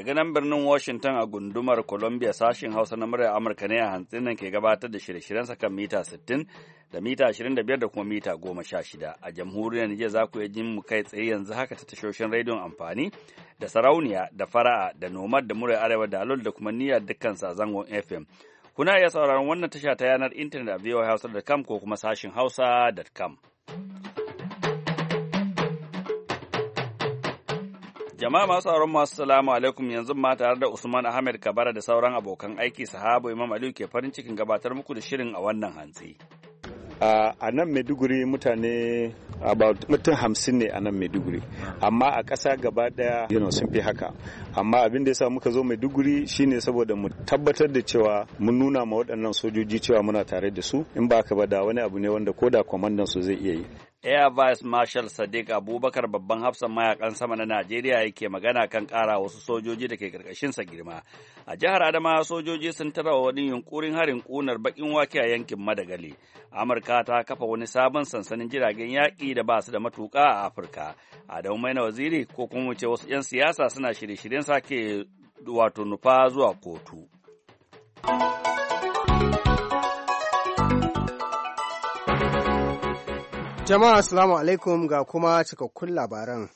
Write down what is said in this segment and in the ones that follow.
Daga nan birnin Washington a gundumar Columbia sashen Hausa na muryar Amurka ne a hantsin nan ke gabatar da shirye sa kan mita 60 da mita 25 da kuma mita 16. A jamhuriyar Nijar za ku iya jin mu kai tsaye yanzu haka ta tashoshin rediyon amfani da sarauniya da fara'a da nomad da muryar arewa da alol da kuma niyyar dukkan zangon FM. Kuna iya sauraron wannan tasha ta yanar intanet a voahausa.com ko kuma sashin hausa.com. Jama'a masu sauran masu salamu alaikum yanzu ma tare da Usman Ahmed Kabara da sauran abokan aiki sahabu Imam Aliyu ke farin cikin gabatar muku da shirin a wannan hantsi. a nan Maiduguri mutane about mutum hamsin ne a nan Maiduguri amma a ƙasa gaba ɗaya you know, sun fi haka amma abin da ya sa muka zo Maiduguri shine saboda mu tabbatar da cewa mun nuna ma waɗannan sojoji cewa muna tare da su in ba ka ba da wani abu ne wanda ko da kwamandan su zai iya yi Air Vice Marshal Sadiq Abubakar babban hafsan mayakan sama na Najeriya yake magana kan ƙara wasu sojoji da ke ƙarƙashinsa girma. A jihar Adama sojoji sun tara wani yunkurin harin kunar baƙin wake a yankin Madagali. Amurka ta kafa wani sabon sansanin jiragen yaƙi da ba su da matuƙa a Afirka. Adamu na Waziri ko kuma ce wasu 'yan siyasa suna shirye-shiryen sake wato nufa zuwa kotu. Jama'a Assalamu alaikum ga kuma cikakkun labaran.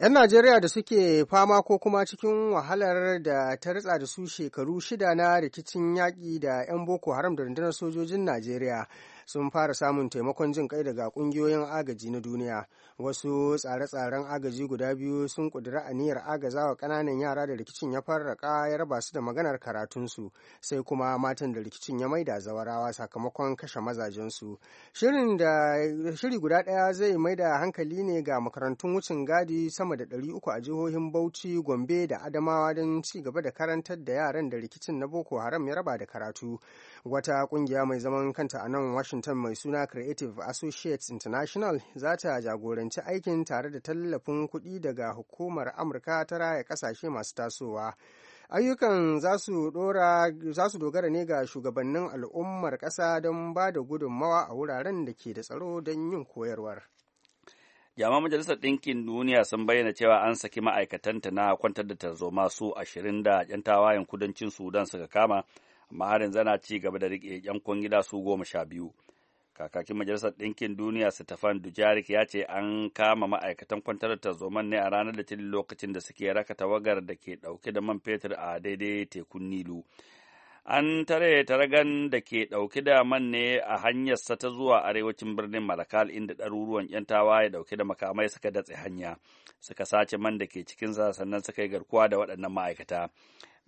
'Yan Najeriya da suke fama ko kuma cikin wahalar da ta ritsa da su shekaru shida na rikicin yaƙi da 'yan Boko Haram da rundunar sojojin Najeriya sun fara samun taimakon jin kai daga kungiyoyin agaji na duniya wasu tsare-tsaren agaji guda biyu sun kudura aniyar wa kananan yara da rikicin ya farraka ya raba su da maganar karatunsu sai kuma matan da rikicin ya maida zawarawa sakamakon kashe mazajensu shirin da shiri guda ɗaya zai maida hankali ne ga makarantun wucin gadi sama da 300 a jihohin bauchi gombe da adamawa don ci gaba da karantar da yaran da rikicin na boko haram ya raba da karatu wata kungiya mai zaman kanta a nan washington mai suna creative associates international za ta jagoranci aikin tare da tallafin kuɗi daga hukumar amurka ta raya kasashe masu tasowa ayyukan za su dogara ne ga shugabannin al'ummar ƙasa don ba da gudunmawa a wuraren da ke da tsaro don yin koyarwar jama'a majalisar ɗinkin duniya sun bayyana cewa an saki ma'aikatanta na kwantar da tarzoma su ashirin da 'yan tawayen kudancin sudan suka kama amma harin zana ci gaba da riƙe yan kwangila su goma sha biyu kakakin majalisar ɗinkin duniya stefan dujarik ya ce an kama ma'aikatan kwantar tarzoman ne a ranar da litinin lokacin da suke raka tawagar da ke ɗauke da man fetur a daidai tekun nilu an tare taragan da ke ɗauke da man ne a hanyarsa ta zuwa arewacin birnin malakal inda ɗaruruwan 'yan tawaye ɗauke da makamai suka datse hanya suka sace man da ke cikinsa sannan suka yi garkuwa da waɗannan ma'aikata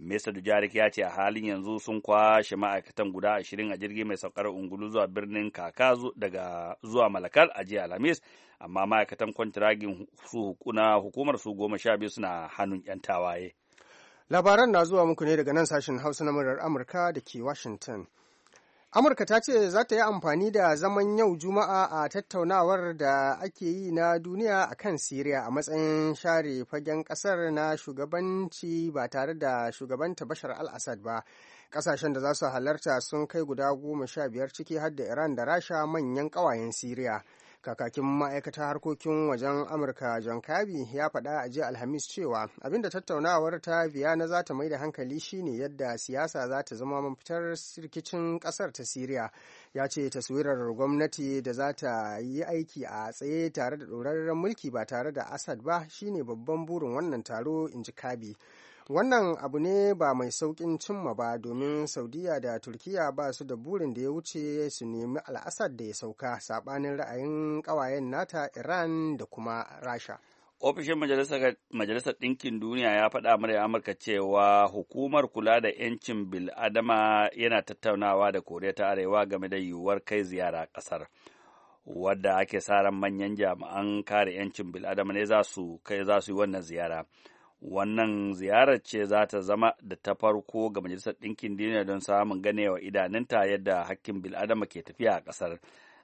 Mr. Dujarik ya ce a halin yanzu sun kwashe ma'aikatan guda ashirin a jirgi mai saukar ungulu zuwa birnin kaka daga zuwa malakal a jiya Alhamis, amma ma'aikatan kwantiragin su hukuna hukumar su goma sha biyu suna hannun 'yan tawaye. Labaran na zuwa muku ne daga nan sashen Hausa na murar Amurka da ke Washington. Amurka ta ce za ta yi amfani da zaman yau Juma'a a tattaunawar da ake yi na duniya a kan Siriya a matsayin share fagen kasar na shugabanci ba tare da shugabanta Bashar al-Assad ba. kasashen da za su halarta sun kai guda goma sha biyar ciki har da Iran da Rasha manyan ƙawayen Siriya. kakakin ma'aikatar harkokin wajen amurka john Kabi ya faɗa a jiya alhamis cewa abinda tattaunawar ta biyana za ta mai da hankali shine yadda siyasa za ta zama mafitar rikicin ƙasar ta siriya ya ce taswirar gwamnati da za ta yi aiki a tsaye tare da ɗorarren mulki ba tare da asad ba shine babban burin wannan taro in ji kabi wannan abu ne ba mai saukin cimma ba domin saudiya da turkiya ba su da burin da ya wuce su nemi al'asar da ya sauka saɓanin ra'ayin ƙawayen nata iran da kuma rasha ofishin majalisar ɗinkin duniya ya faɗa murya amurka cewa hukumar kula da 'yancin bil'adama yana tattaunawa da koriya ta arewa game da yiwuwar kai ziyara ƙasar wadda ake sa ran manyan jami'an kare 'yancin bil'adama ne za su za su yi wannan ziyara wannan ziyarar ce za ta zama da ta farko ga majalisar ɗinkin duniya don samun ganewa idanunta yadda hakkin bil'adama ke tafiya a ƙasar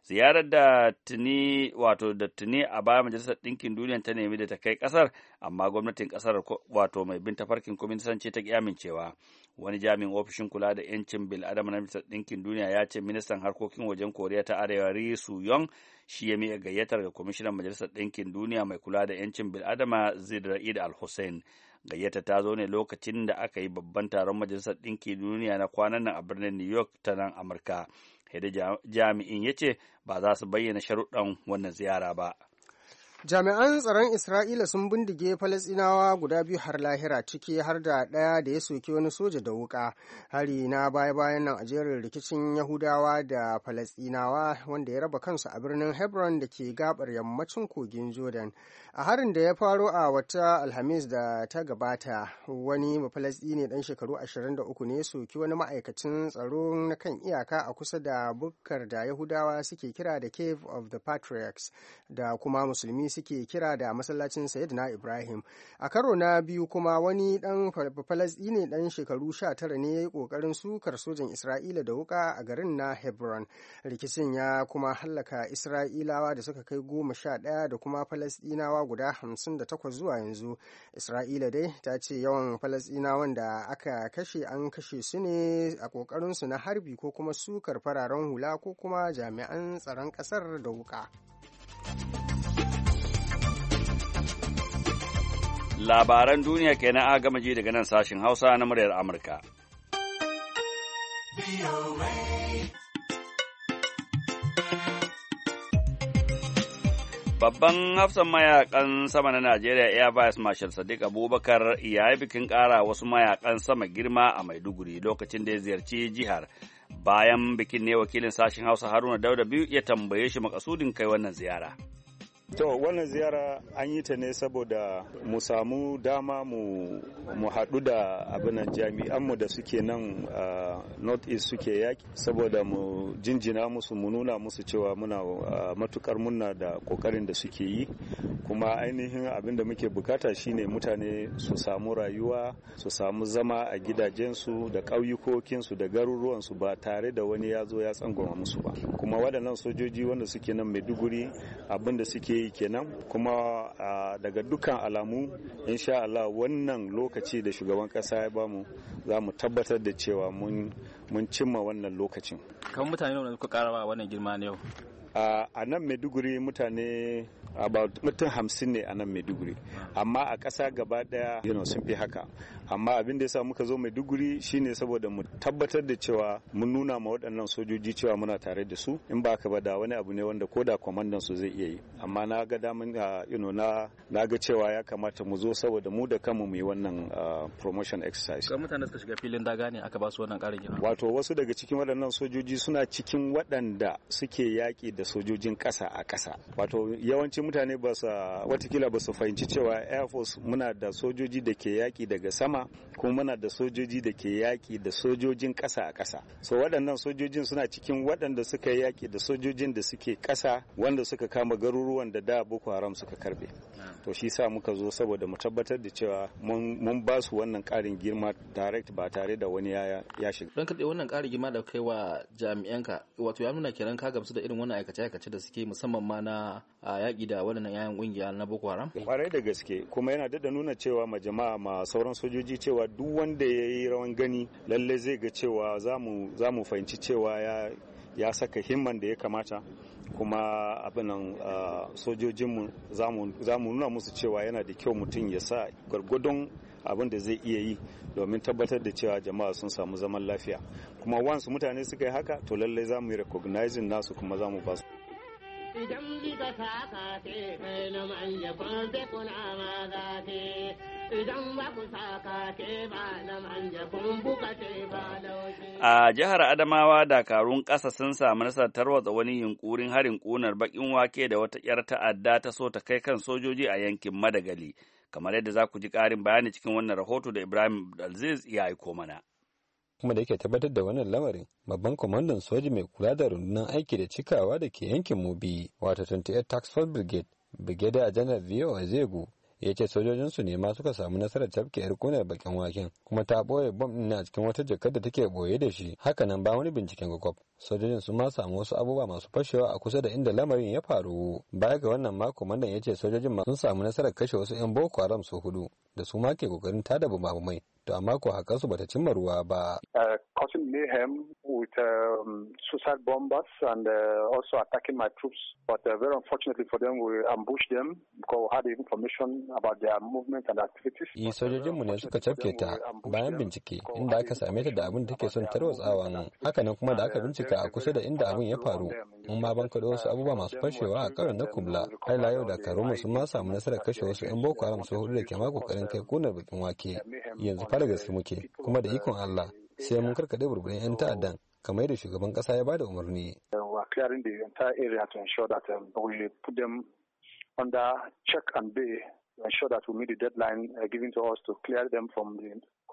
ziyarar da tuni wato da tuni a baya majalisar ɗinkin duniya ta nemi da ta kai ƙasar amma gwamnatin ƙasar wato mai bin tafarkin kwaminisanci ta ƙi amincewa wani jami'in ofishin kula da 'yancin bil'adama na majalisar ɗinkin duniya ya ce ministan harkokin wajen koriya ta arewa ri su yong shi ya miƙa gayyatar ga kwamishinan majalisar ɗinkin duniya mai kula da 'yancin bil'adama zaid ra'id al-hussein gayyata ta zo ne lokacin da aka yi babban taron majalisar ɗinkin duniya na kwanan nan a birnin new york ta nan amurka da jami'in ya ce ba za su bayyana sharuɗan wannan ziyara ba. Jami'an tsaron Isra'ila sun bindige Falasɗinawa guda biyu har lahira ciki har da ɗaya da ya soki wani soja da wuƙa. Hari na baya-bayan nan a jerin rikicin Yahudawa da Falasɗinawa wanda ya raba kansu a birnin Hebron da ke gabar yammacin kogin Jordan. A harin da ya faro a wata Alhamis da ta gabata, wani Falasɗini ɗan shekaru ashirin 23 ne ya soki wani ma'aikacin tsaro na kan iyaka a kusa da bukkar da Yahudawa suke kira da Cave of the Patriarchs da kuma Musulmi suke kira da masallacin sayyidina ibrahim a karo na biyu kuma wani dan ne dan shekaru sha tara ne ya yi kokarin sukar sojan isra'ila da wuka a garin na hebron rikicin ya kuma hallaka isra'ilawa da suka kai goma sha ɗaya da kuma falasdinawa guda hamsin da takwas zuwa yanzu isra'ila dai ta ce yawan falasdinawan da aka kashe an kashe su ne a su na harbi ko kuma sukar fararen hula ko kuma jami'an tsaron ƙasar da wuka. labaran duniya ke a gama ji daga nan sashen hausa na muryar amurka Babban hafsan mayakan sama na Najeriya Air Vice Marshal Sadiq Abubakar ya yi bikin ƙara wasu mayakan sama girma a Maiduguri lokacin da ya ziyarci jihar. Bayan bikin ne wakilin sashen Hausa Haruna Dauda biyu ya tambaye shi makasudin kai wannan ziyara. To wannan ziyara an yi ta ne saboda mu samu dama mu mu haɗu da abinan mu da suke nan north east suke yaki saboda mu jinjina musu mu nuna musu cewa muna matukar muna da kokarin da suke yi kuma ainihin abin da muke bukata shine mutane su samu rayuwa su samu zama a gidajensu da ƙauyukokinsu da garuruwansu ba tare da wani ya zo ya tsangwama musu ba kuma waɗannan sojoji wanda suke nan maiduguri abin da suke yi kenan kuma daga dukkan alamu insha Allah wannan lokaci da shugaban kasa ya bamu za mu tabbatar da cewa mun cimma wannan lokacin. Kan mutane ne kuka karawa wannan girma na yau. a nan maiduguri mutane about mutum hamsin ne a nan maiduguri amma a ƙasa gaba ɗaya you know, sun fi haka amma abin da ya sa muka zo maiduguri shine saboda mu tabbatar da cewa mun nuna ma waɗannan sojoji cewa muna tare da su in ba ka ba da wani abu ne wanda ko da kwamandan su zai iya yi amma na ga damin you know, na na ga cewa ya kamata mu zo saboda mu da kanmu mu yi wannan promotion exercise kuma mutane suka shiga filin daga ne aka ba su wannan ƙarin wato wasu daga cikin waɗannan sojoji suna cikin waɗanda suke yaƙi da da sojojin ƙasa a ƙasa wato yawancin mutane ba su watakila ba su fahimci cewa air force muna da sojoji da ke yaƙi daga sama kuma muna da sojoji da ke yaƙi da sojojin ƙasa a ƙasa so waɗannan sojojin suna cikin waɗanda suka yi yaƙi da sojojin da suke ƙasa wanda suka kama garuruwan da da boko haram suka karbe to shi sa muka zo saboda mu tabbatar da cewa mun ba su wannan ƙarin girma direct ba tare da wani ya shiga don kaɗai wannan ƙarin girma da kai wa jami'anka wato ya nuna kenan ka gamsu da irin wannan aikace-aikace da suke musamman ma na yaƙi da waɗannan 'ya'yan ƙungiya na Boko Haram? Kwarai da gaske kuma yana da nuna cewa ma jama'a ma sauran sojoji cewa duk wanda ya yi rawan gani lallai zai ga cewa za mu fahimci cewa ya saka himman da ya kamata kuma abinan sojojinmu za mu nuna musu cewa yana da kyau mutum ya sa gwargwadon abin da zai iya yi domin tabbatar da cewa jama'a sun samu zaman lafiya kuma once mutane suka yi haka to lallai za mu yi recognizing nasu kuma za mu ba su A jihar Adamawa dakarun ƙasa sun samu nasarar tarwatsa wani yunkurin harin ƙunar baƙin wake da wata 'yar ta'adda ta so ta kai kan sojoji a yankin Madagali. kamar yadda za ku ji ƙarin bayani cikin wannan rahoto da Ibrahim Alziz ya aiko mana. kuma da yake tabbatar da wannan lamarin babban kwamandan soji mai kula da rundunar aiki da cikawa da ke yankin mubi wato 28 tax force brigade brigadier janar vio azegu ya ce sojojinsu ne ma suka samu nasarar tafke yar kunar bakin waken kuma ta ɓoye bom ɗin a cikin wata jakar da take ɓoye da shi haka nan ba wani binciken gwakwaf sojojin sun ma samu wasu abubuwa masu fashewa a kusa da inda lamarin ya faru baya ga wannan mako mandan ya ce sojojin sun samu nasarar kashe wasu 'yan boko haram su hudu da su ma ke kokarin tada bumabumai to amma ko hakan su bata cimma ruwa ba. Uh, causing mayhem with um, suicide bombers and uh, also attacking my troops. But uh, very unfortunately for them, we ambush them because we had information about their movement and activities. Yi uh, sojojinmu ne suka cafke ta bayan bincike inda aka same ta da abin da take son tarwatsawa nan. Hakanan kuma da aka uh, bincika ta a kusa da inda abin ya faru in ma banka da wasu abubuwa masu fashewa a ƙarin na kubla har la yau dakarun sun ma samu nasarar kashe wasu yan boko haram su hudu da ke ma kokarin kai kunar bikin wake yanzu fara gaske muke kuma da ikon allah sai mun karkaɗe burburin yan ta'addan kamar yadda shugaban ƙasa ya bada umarni. clearing the um, under check and bay to ensure that we meet the deadline uh, given to us to clear them from the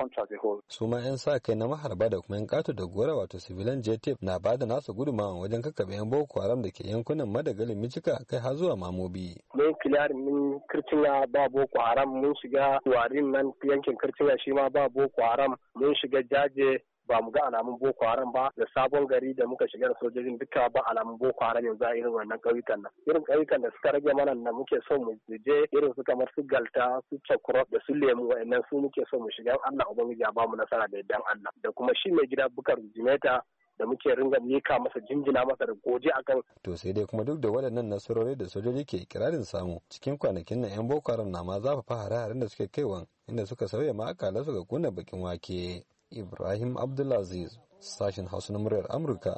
country as a Su 'yan sa kai na maharba da kuma 'yan kato da gora wato civilian JTF na bada nasu gudunmawa wajen kakkaɓe 'yan Boko Haram da ke yankunan Madagalin Micika kai har zuwa Mamobi. Mun kiliyar mun Kirtina ba Boko Haram mun shiga warin nan yankin Kirtina shi ma ba Boko Haram mun shiga jaje ba mu ga alamun boko haram ba da sabon gari da muka shiga da sojojin duka ba alamun boko haram yanzu a irin wannan ƙauyukan nan irin ƙauyukan da suka rage mana nan muke so mu je irin su kamar su galta su cakurok da su lemu wa'annan su muke so mu shiga Allah ubangiji ya ba mu nasara da yardan Allah da kuma shi mai gida bukar jimeta da muke ringa mika masa jinjina masa da goje akan to sai dai kuma duk da waɗannan nasarori da sojoji ke kirarin samu cikin kwanakin nan yan boko haram na ma zafafa hare-haren da suke kaiwa inda suka sauya ma ga kunna bakin wake Ibrahim Abdulaziz, sashen Hausa na muryar Amurka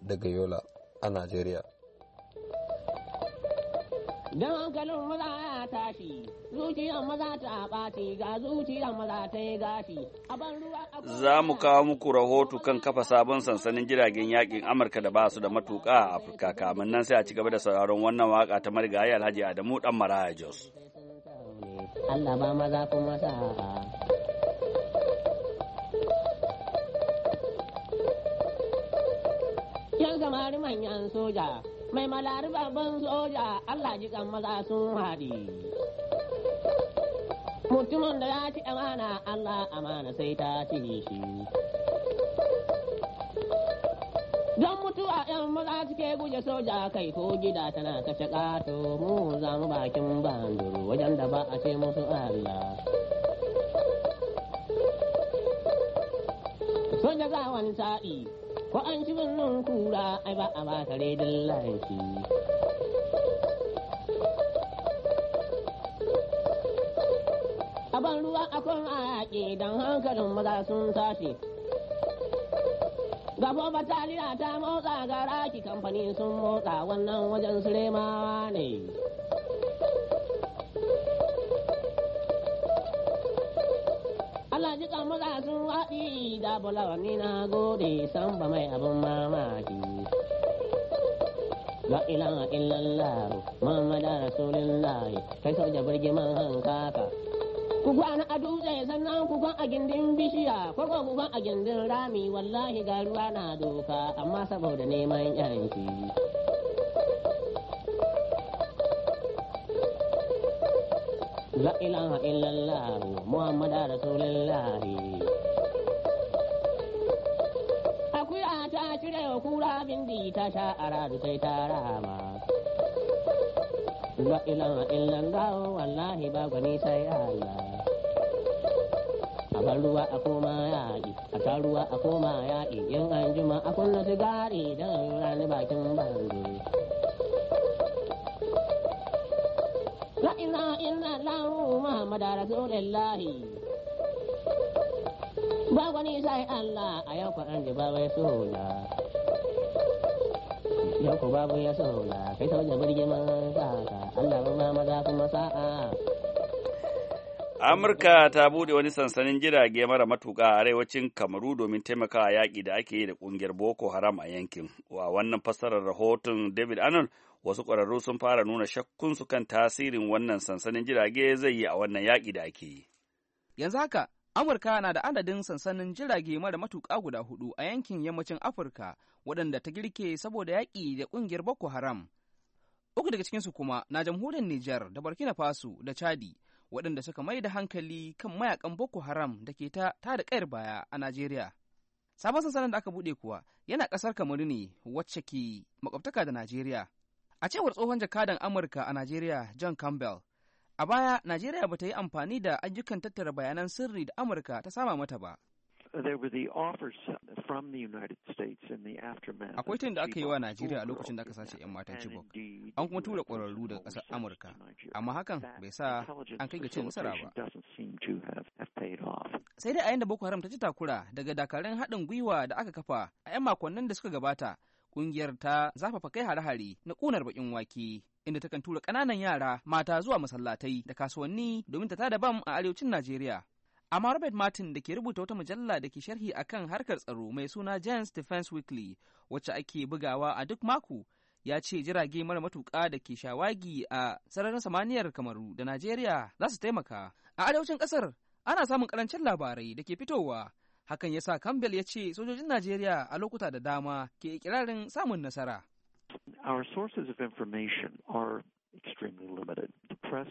daga Yola a Najeriya. hankalin maza ya tashi, zuciyar maza ta ɓaci ga zuciyar maza ta yi gashi. Za mu kawo muku rahoto kan kafa sabon sansanin jiragen yakin Amurka da ba su da matuƙa a Afirka kamin nan sai a ci gaba da sauraron wannan waka ta marigayi Alhaji Adamu Dan Mara Jos. Allah ba maza kuma sa'a. yan samari manyan soja mai malari babban soja allah jikan maza sun haɗi mutumin da ya ci amana allah amana sai ta ci shi don mutuwa yan maza suke guje soja kai ko gida tana kashe ƙato mu za mu bakin banduru wajen da ba a ce musu allah soja za wani sa'i ko an ci birnin kura ai ba a ba tare dillan A aban ruwa a kan ayaƙi don hankalin maza sun sace gabo bataliya ta motsa ga raki kamfani sun motsa wannan wajen sulemawa ne Allah ji maza sun haɗi da bulawa ni na gode san ba mai abin mamaki. La ilaha illallah Muhammad Rasulullah kai soja birgiman hankaka. Ku kwana a dutse sannan ku kwan a gindin bishiya kwarwa ku kwan a gindin rami wallahi ga ruwa na doka amma saboda neman yanki. la ilaha illallah muhammad rasulullah akuya ta cire wa kura di ta sha aradu sai ta rama la ilaha illallah wallahi ba gani sai allah a ruwa a koma yaƙi a ta ruwa a koma yaƙi yin anjima a kunna sigari don rani bakin banzu a Amurka ta bude wani sansanin jirage mara matuƙa a arewacin Kamaru domin taimakawa yaƙi da ake yi da ƙungiyar Boko Haram a yankin. Wa wannan fassarar rahoton David Arnold wasu ƙwararru sun fara nuna shakkunsu kan tasirin wannan sansanin jirage zai yi a wannan yaƙi da ake yi. Yanzu haka, Amurka na da adadin sansanin jirage mara matuƙa guda hudu a yankin yammacin Afirka waɗanda ta girke saboda yaƙi da ƙungiyar Boko Haram. Uku daga cikinsu kuma na jamhuriyar Nijar da Burkina Faso da Chadi waɗanda suka mai da hankali kan mayakan Boko Haram da ke ta tada ƙayar baya a Najeriya. Sabon sansanin da aka buɗe kuwa yana ƙasar Kamaru ne wacce ke makwabtaka da Najeriya. A cewar tsohon jakadan Amurka a Najeriya John Campbell, a baya Najeriya ba ta yi amfani da ayyukan tattara bayanan sirri da Amurka ta sama mata ba. Akwai tun da aka yi wa Najeriya a lokacin da aka sace 'yan matan Chibok, an kuma tura kwararru daga ƙasar Amurka, amma hakan bai sa an kai ga cin nasara ba. Sai dai a yanda Boko Haram ta ci takura daga dakarun haɗin gwiwa da aka kafa a 'yan makonnin da suka gabata, Ƙungiyar ta zafafa kai hare-hare na ƙunar baƙin wake. inda takan tura ƙananan yara mata zuwa masallatai da kasuwanni domin ta tada bam a arewacin Najeriya. amma robert martin da ke rubuta wata mujalla da ke sharhi akan harkar tsaro mai suna james defense weekly wacce ake bugawa a duk mako ya ce jirage mara matuƙa da ke shawagi a sararin samaniyar kamaru da najeriya za su taimaka a arewacin ƙasar ana samun ƙarancin labarai da ke fitowa Hakan yasa sa Campbell ya ce sojojin Najeriya a lokuta da dama ke ikirarin samun nasara. Our sources information are extremely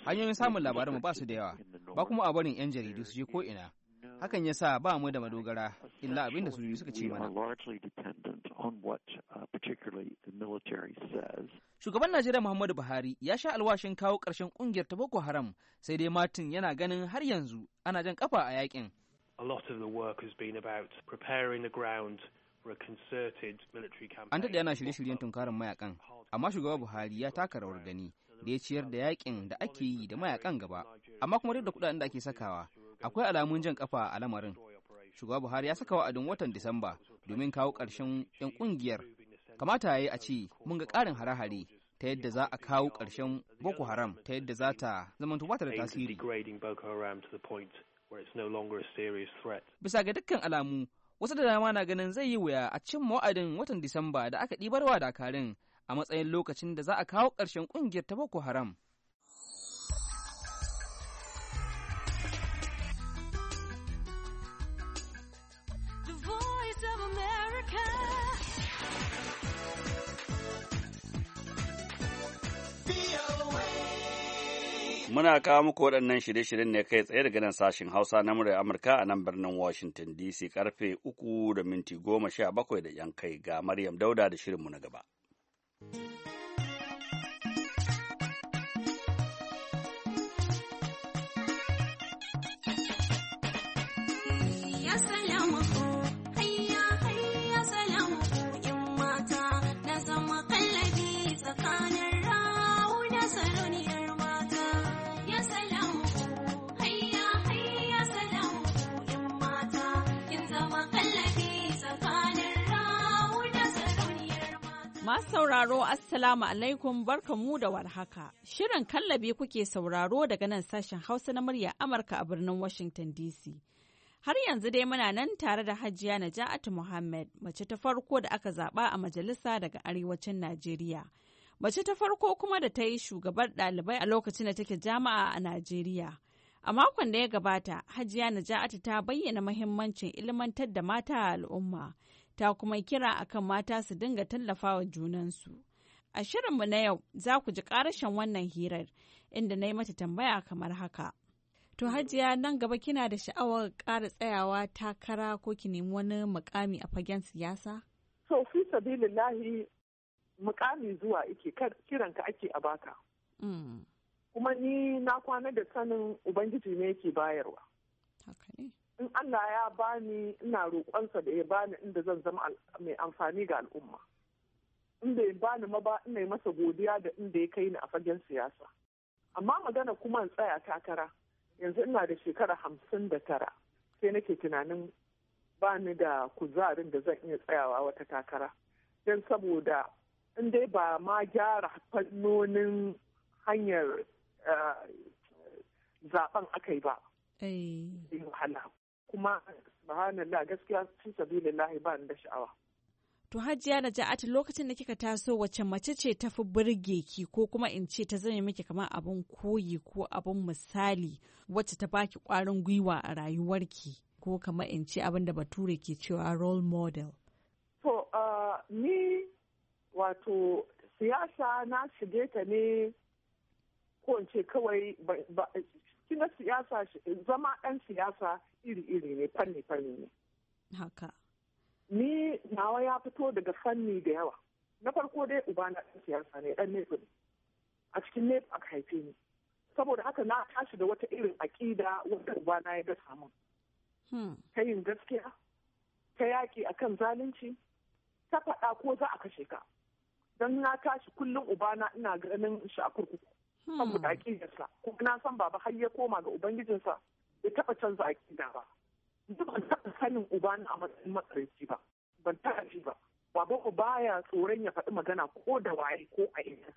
Hanyoyin samun labarin ba su da yawa, ba kuma a barin 'yan jaridu su je ko'ina. Hakan ya sa ba mu da madogara, illa abin da sojoji suka ce mana. Uh, Shugaban Najeriya Muhammadu Buhari ya sha alwashin kawo ƙarshen ƙungiyar ta Boko Haram, sai dai Martin yana ganin har yanzu ana jan kafa a yakin. a the work has been about preparing the ground for a concerted military campaign. An daɗe yana shirye-shiryen tunkarar mayakan, amma shugaba Buhari ya taka rawar gani da ya ciyar da yakin da ake yi da mayakan gaba, amma kuma duk da kuɗaɗen da ake sakawa, akwai alamun jan kafa a lamarin. Shugaba Buhari ya saka wa'adin watan Disamba domin kawo ƙarshen 'yan ƙungiyar. Kamata ya yi a ce mun ga ƙarin hare-hare ta yadda za a kawo ƙarshen Boko Haram ta yadda za ta zamantu ba ta da tasiri. Bisa ga dukkan alamu, wasu da dama na ganin zai yi wuya a cin wa'adin watan Disamba da aka ɗibarwa dakarin a matsayin lokacin da za a kawo ƙarshen ƙungiyar ta Boko Haram. Muna kawo muku waɗannan shirye-shiryen ne kai tsaye daga nan sashen Hausa na muryar Amurka a nan birnin Washington DC karfe uku da minti goma sha bakwai da ‘yan kai ga Maryam Dauda da shirinmu na gaba. Masu sauraro Assalamu alaikum mu da warhaka. Shirin kallabi kuke sauraro daga nan sashen Hausa na murya Amurka a birnin Washington DC. Har yanzu dai muna nan tare da Hajiya Naja'atu Muhammad, mace ta farko da aka zaba a majalisa daga arewacin Najeriya. Mace ta farko kuma da ta yi shugabar ɗalibai a lokacin da take jama'a a Najeriya. A makon da ya gabata, Hajiya Naja'atu ta bayyana mahimmancin ilmantar da mata a al'umma. ta kuma kira akan mata su dinga tallafawa junansu. A shirinmu na yau za ku ji ƙarashin wannan hirar inda na yi mata tambaya kamar haka. To hajiya nan gaba kina da sha'awar ƙara tsayawa takara ko ki nemi wani mukami a fagen siyasa? So fi sabilillahi mukami zuwa ike ka ake a baka. Mm. Kuma ni na kwana da sanin Ubangiji ne yake bayarwa. in Allah ya bani ina roƙonsa da ya bani inda zan zama mai amfani ga al'umma in ya bani ma ba ina yi masa godiya da inda ya kai ni a fagen siyasa amma magana kuma in tsaya takara yanzu ina da shekara hamsin da tara sai nake tunanin ba ni da kuzarin da zan iya tsayawa wata takara don saboda in dai ba ma gyara fannonin hanyar eh, zaben aka yi ba. Eh. wahala kuma subhanallah gaskiya fi sabilillahi ba da sha'awa to hajiya na lokacin da kika taso wacce mace ce ta fi burge ki ko kuma in ce ta zame miki kamar abun koyi ko abun misali wacce ta baki kwarin gwiwa a rayuwarki ko kamar in ce abin da bature ke cewa role model to ni wato siyasa na shige ta ne ko in ce kawai kina siyasa zama ɗan siyasa iri-iri ne fanni-fanni ne. Haka. Ni nawa ya fito daga fanni da yawa. Na farko dai ubana ɗan siyasa ne ɗan nefa A cikin nefa aka haife ni. Saboda haka na tashi da wata irin aƙida wanda ubana ya gasa min. Hmm. Ta yin gaskiya, ta yaƙi akan zalunci, ta faɗa ko za a kashe ka. Don na tashi kullum ubana ina ganin shi a kurkuku. Hmm. saboda aƙidarsa kuma na san baba har ya koma ga ubangijinsa ya taɓa canza aƙida ba duk ban taɓa sanin ubana a matsayin matsarci ba ban taɓa ji ba baba ku baya tsoron ya faɗi magana ko da waye ko a ina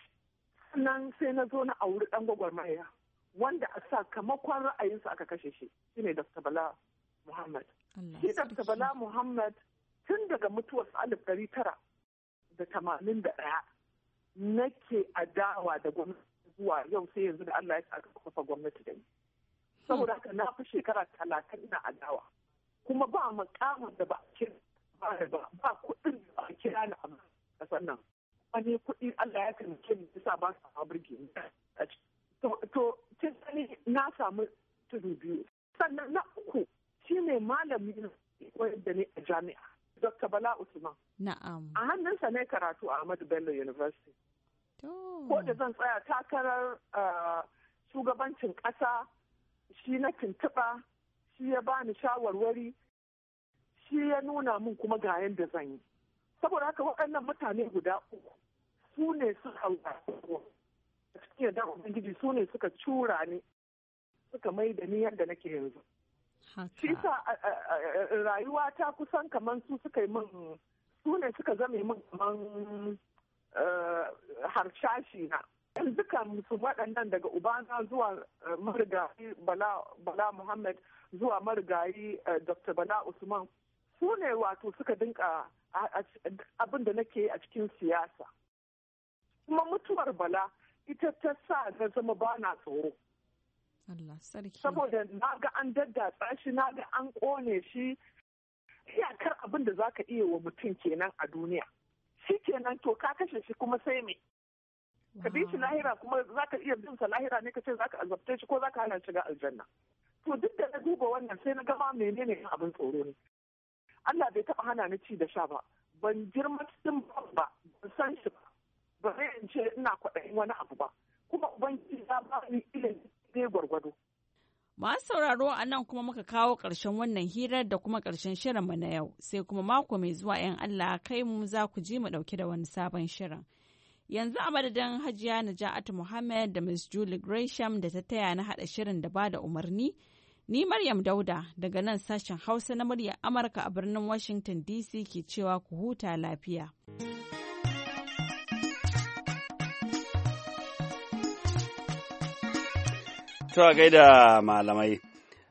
sannan sai na zo na auri ɗan gwagwarmaya wanda a sa sakamakon ra'ayinsa aka kashe shi shine Dr. Bala Muhammad. Shi Dr. Bala Muhammad tun daga mutuwarsa alif ɗari tara da tamanin da ɗaya nake adawa da gwamnati zuwa yau sai yanzu da Allah ya sa aka kafa gwamnati da ni saboda haka na fi shekara talatin ina adawa kuma ba kama da ba a kira ba ba kuɗin da ba a kira ni a ƙasar nan ne kuɗi Allah ya taimake ni yasa ba sa ma ni to kin sani na samu tudu biyu sannan na uku shine malami na koyar da ni a jami'a Dr. Bala Usman. Na'am. A hannunsa ne karatu a Ahmadu Bello University. ko da zan tsaya takarar uh, shugabancin ƙasa shi na tuntuɓa shi ya bani shawarwari shi ya nuna min kuma ga yadda zan yi saboda haka waɗannan mutane guda uku su ne suka a cikin yadda ubangiji su ne suka cura ni suka mai da ni yadda nake yanzu shi sa rayuwa ta kusan kamar su suka yi min su ne suka zame min Eh, harsashi na yan dukan su waɗannan daga ubana zuwa eh, marigayi bala muhammad zuwa marigayi eh, dr bala usman su ne wato suka dinka abin da nake a cikin siyasa kuma mutuwar bala ita ta sa na zama ba na tsoro saboda na ga an daddatsa shi na ga an ƙone shi iyakar abin da za ka iya wa mutum kenan a duniya shikenan kenan to ka kashe shi kuma sai me ka bi shi ah. lahira kuma za ka iya bin sa lahira ne ka ce za ka azabta shi ko za ka hana shiga aljanna to duk da na duba wannan sai na gama menene ne abin tsoro ne Allah bai taba hana ni ci da sha ba ban girma cikin ba ban san shi ba ba zai in ina kwaɗayin wani abu ba kuma ubangiji ya ba ni ilimi ne gwargwado Masu sauraro a nan kuma muka kawo ƙarshen wannan hirar da kuma ƙarshen mu na yau, sai kuma mako mai zuwa ‘yan Allah kai mu za ku ji mu ɗauki da wani sabon shirin. Yanzu a madadin Hajiya Naja'atu Muhammad da Miss Julie Gresham da ta taya na haɗa shirin da ba da umarni, ni Maryam Dauda daga nan sashen Hausa na muryar Amurka a birnin Washington DC ke cewa ku huta lafiya. To gaida malamai.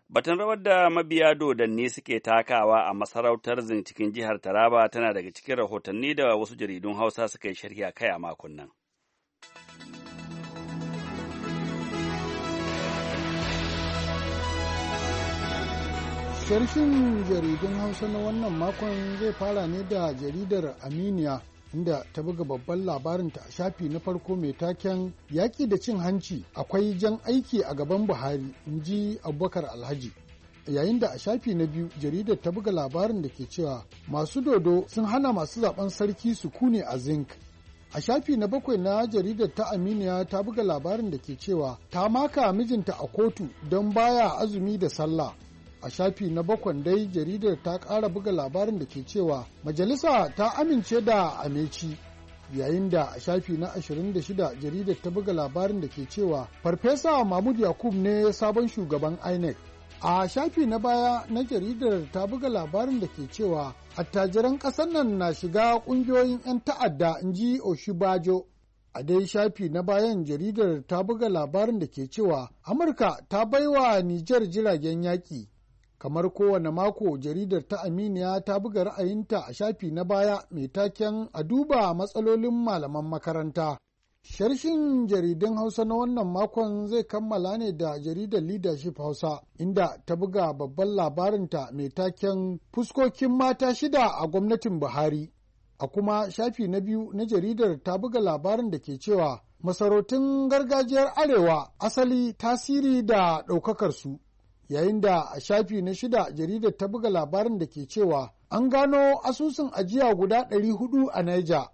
Batun rawar da mabiya dodanni suke takawa a masarautar cikin jihar Taraba tana daga cikin rahotanni da wasu jaridun Hausa suka yi sharhi a kai a makon nan. Sharhin jaridun Hausa na wannan makon zai fara ne da jaridar Aminiya inda ta buga babban labarinta a shafi na farko mai taken yaƙi da cin hanci akwai jan aiki a gaban buhari in ji abubakar alhaji yayin da a shafi na biyu jaridar ta buga labarin da ke cewa masu dodo sun hana masu zaben sarki su kune a zinc a shafi na bakwai na jaridar ta aminiya ta buga labarin da ke cewa ta maka mijinta a kotu don baya azumi da sallah a shafi na bakwan dai jaridar ta ƙara buga labarin da ke cewa majalisa ta amince da ameci yayin da a shafi na 26 jaridar ta buga labarin da ke cewa farfesa mahmud yakub ne sabon shugaban inec a shafi na baya na jaridar ta buga labarin da ke cewa attajiran ƙasar nan na shiga ƙungiyoyin 'yan ta'adda in ji oshibajo a dai shafi na bayan jaridar ta buga labarin da ke cewa amurka ta baiwa nijar jiragen yaƙi kamar kowane mako jaridar ta aminiya ta buga ra'ayinta a shafi na baya mai taken a duba matsalolin malaman makaranta sharshin jaridun hausa na wannan makon zai kammala ne da jaridar leadership hausa inda ta buga babban labarinta mai taken fuskokin mata shida a gwamnatin buhari a kuma shafi na biyu na jaridar ta buga labarin da ke cewa masarautun gargajiyar arewa asali tasiri da ɗaukakarsu yayin da a shafi na shida jaridar ta buga labarin da ke cewa an gano asusun ajiya guda 400 a Niger.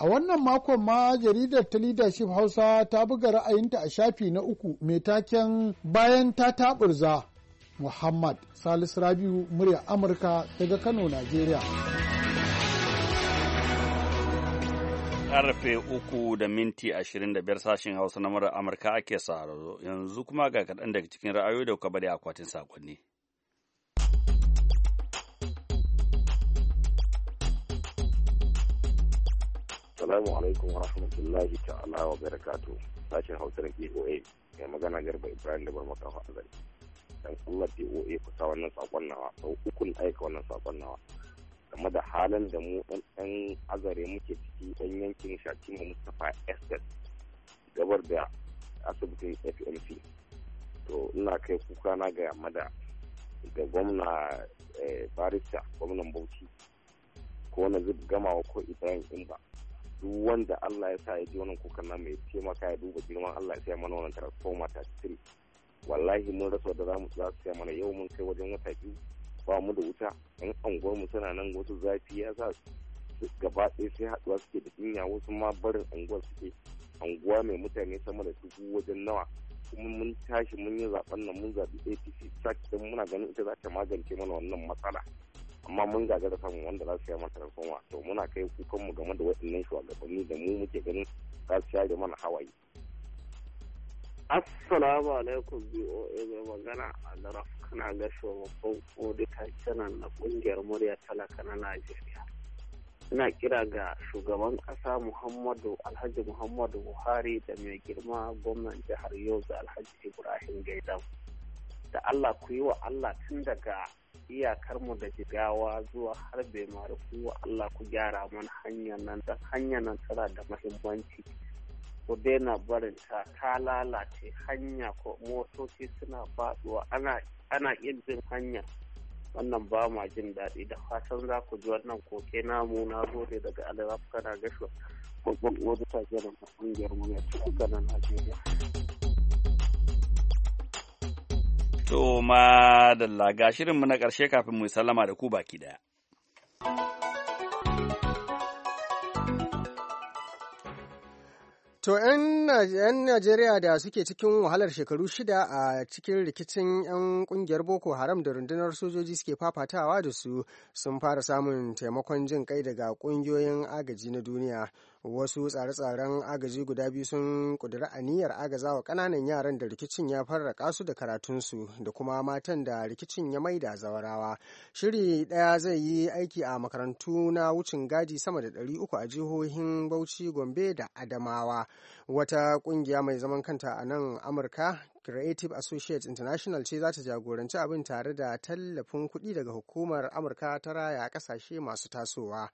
A wannan makon ma jaridar ta leadership Hausa ta buga ra'ayinta a shafi na uku mai taken bayan ta taburza Muhammad Salisu Rabiu murya Amurka daga Kano, Najeriya. Karfe uku da minti ashirin da biyar sashen Hausa na murar Amurka ake sauraro yanzu kuma ga kaɗan daga cikin ra'ayoyi da kuka bari akwatin saƙonni. salamu alaikum wa rahmatullahi ta'ala wa barakatu. Sashen Hausa na koa mai magana Garba Ibrahim da Barmaka Fa'azari. Dan da BOA ku wannan saƙon nawa, sau ukun aika wannan saƙon nawa. game da halin da mu ɗan azare muke ciki ɗan yankin shatima mustapha estes gabar da asibitin fmc to ina kai kuka na ga mada da gwamna eh, barista gwamnan bauchi ko na zub gamawa ko ibrahim imba duk wanda allah ya sa ya ji wannan kukan na mai taimaka ya duba girman allah ya sa mana wannan transformer 33 wallahi mun rasa da za mu za su mana yau mun kai wajen wata biyu ba mu da wuta yan anguwar mu suna nan wasu zafi ya sa gaba ɗaya sai haɗuwa suke da inya wasu ma barin anguwar suke anguwa mai mutane sama da dubu wajen nawa kuma mun tashi mun yi zaben nan mun zaɓi apc sak din muna ganin ita za ta magance mana wannan matsala amma mun gagara samun wanda za su yi mata to muna kai kukan mu game da waɗannan shugabanni da mu muke ganin za su share mana hawaye assalamu alaikum boa mai magana a laraf kana ga babban odita kenan na kungiyar murya talaka na najeriya ina kira ga shugaban ƙasa muhammadu alhaji muhammadu buhari da mai girma gwamnan jihar yobe alhaji ibrahim gaidan da allah ku yi wa allah tun daga iyakarmu da jigawa zuwa harbe maruku marufu allah ku gyara mana hanyar nan da hanyar nan tana da muhimmanci ku daina barin ta ta lalace hanya ko motoci suna faduwa ana ana hanya wannan ba ma jin daɗi da fatan za ku ji wannan koke namu na gode daga alawaf kana gasho babban ta jiran a ƙungiyar mu ne ganin najeriya to ma da laga shirinmu na ƙarshe kafin mu sallama da ku baki ɗaya. To, ‘yan Najeriya da suke cikin wahalar shekaru shida a cikin rikicin ‘yan kungiyar Boko Haram da rundunar sojoji suke fafatawa da su sun fara samun taimakon jin kai daga ƙungiyoyin agaji na duniya. wasu tsare-tsaren agaji guda biyu sun kudura aniyar wa ƙananan yaran da rikicin ya farraka su da karatunsu da kuma matan da rikicin ya mai da zawarawa shiri ɗaya zai yi aiki a makarantu na wucin gadi sama da ɗari uku a jihohin bauchi gombe da adamawa wata ƙungiya mai zaman kanta a nan amurka Creative Associates International ce za ta jagoranci abin tare da tallafin kuɗi daga hukumar Amurka ta raya ƙasashe masu tasowa.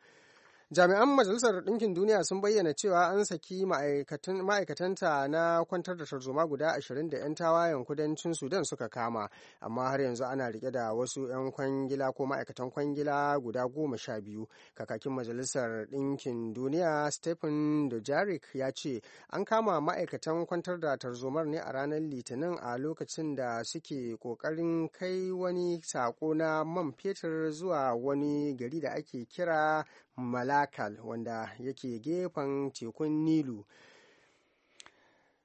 Jami'an Majalisar Ɗinkin Duniya sun bayyana cewa an saki ma'aikatanta na kwantar da tarzoma guda ashirin da 'yan tawayen kudancin Sudan suka kama, amma har yanzu ana rike da wasu 'yan kwangila ko ma'aikatan kwangila guda goma sha biyu. Kakakin Majalisar Ɗinkin Duniya Stephen Dujarric ya ce an kama ma'aikatan kwantar da tarzomar ne a ranar Litinin a lokacin da suke kokarin kai wani sako na man fetur zuwa wani gari da ake kira mala Akal wanda yake gefen tekun Nilu.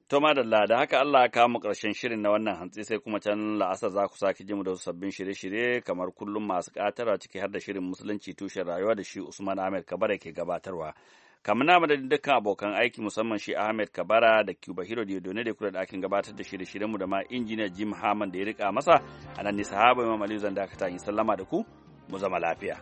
Toma da da haka Allah ka mu ƙarshen shirin na wannan hantsi sai kuma can la'asa za ku sake jimu da sabbin shirye-shirye kamar kullum masu ƙatarwa ciki har da shirin musulunci tushen rayuwa da shi Usman Ahmed Kabara ke gabatarwa. Kamar na madadin dukkan abokan aiki musamman shi Ahmed Kabara da Cuba Hero da Yodone da kula da aikin gabatar da shirye-shiryenmu da ma injiniya Jim Hammond da ya rika masa a nan ne sahaba Imam Aliyu zan dakata yi sallama da ku mu zama lafiya.